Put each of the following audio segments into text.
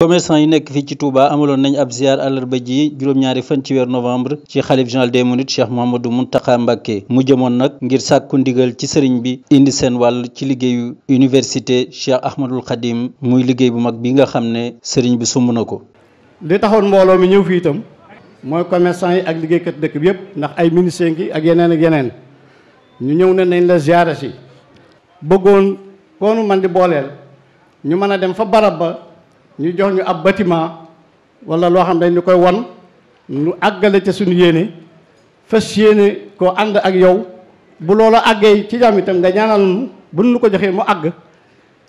commerçant yi nekk fii ci Touba amaloon nañ ab ziar àllarba ji juróom-ñaari fan ci weer novembre ci xalif général des mourides Cheikh Mouhamadou Mountakha Mbacké mu jëmoon nag ngir sàkku ndigal ci sëriñ bi indi seen wàll ci liggéeyu université Cheikh Ahmadul Khadim muy liggéey bu mag bi nga xam ne sëriñ bi sumb na ko. li taxoon mbooloo mi ñëw fii itam mooy commerçant yi ak liggéeykat dëkk bi yëpp ndax ay ministres ngi ak yeneen ak yeneen ñu ñëw ne nañ la ziara si bëggoon koonu man di booleel ñu jox ñu ab bâtiment wala loo xam dañ ñu koy won ñu àggale ca suñu yéene fës yéene koo ànd ak yow bu loola àggee ci jàmm itam nga ñaanal nu bu nu ko joxee mu àgg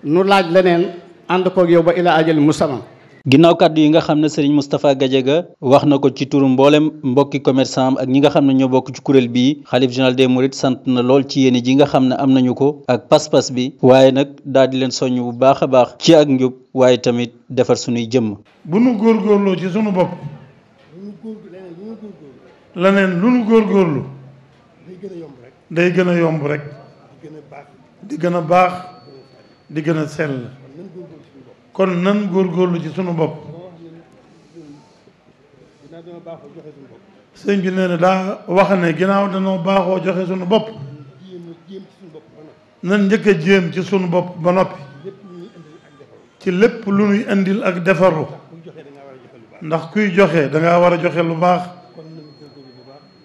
nu laaj leneen ànd koog yow ba ila ajal mu musamman ginnaaw kàddu yi nga xam ne Serigne Moustapha Gadiaga wax na ko ci turu mboolem mbokki commerçant ak ñi nga xam ne ñoo bokk ci kuréel bii xalif général des mourides sant na lool ci yéene ji nga xam ne am nañu ko ak pas-pas bi waaye nag daal di leen soññ bu baax a baax ci ak njub waaye tamit defar suñuy jëmm. bu nu góorgóorloo ci sunu bopp. leneen lu nu góorgóorlu. day gën a yomb rek. day gën a yomb rek. di gën baax. di gën a sell. kon nan góor góorlu ci sunu bopp sëñ bi nee ne daa wax ne ginnaaw danoo baaxoo joxe sunu bopp nan njëkk a jéem ci sunu bopp ba noppi ci lépp lu nuy indil ak defaru ndax kuy joxe da ngaa war a joxe lu baax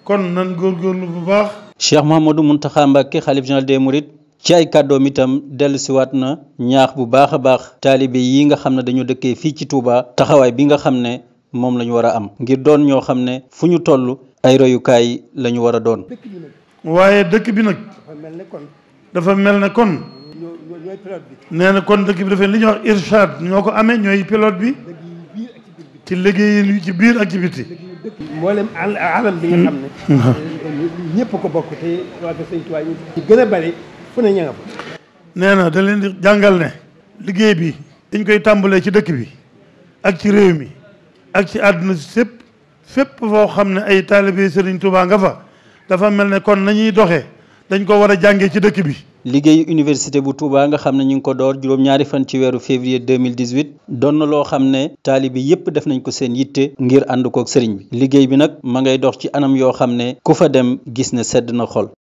kon nan góor góorgóorlu bu baax Cheikh Mouhamadou Mountakha Mbacké xalif général des Mourides ci ay kàddoom itam dellusiwaat na ñaax bu baax a baax taalibe yi nga xam ne dañoo dëkkee fii ci Touba taxawaay bi nga xam ne moom la ñu war a am ngir doon ñoo xam ne fu ñu toll ay reyukaay la ñu war a doon. waaye dëkk bi nag. dafa mel ne kon. dafa mel ne kon. nee na kon dëkk bi li ñuy wax irshad ñoo ko amee ñooy pilote bi. ci liggéeyin yu ci biir ak ci biti. mboolem mm-hmm. ko bokk te waa gën a bari. fu ne fa. nee na da leen di jàngal ne. liggéey bi dañ koy tàmbalee ci dëkk bi ak ci réew mi ak ci àdduna si sépp fépp foo xam ne ay taalibe Serigne Touba nga fa dafa mel ne kon nañuy doxee dañ ko war a jàngee ci dëkk bi. liggéeyu université bu tuubaa nga xam ne ñu ngi ko door juróom-ñaari fan ci weeru février 2018 doon na loo xam ne taalibe yépp def nañ ko seen yitte ngir ànd kook sëriñ bi liggéey bi nag ma ngay dox ci anam yoo xam ne ku fa dem gis ne sedd na xol.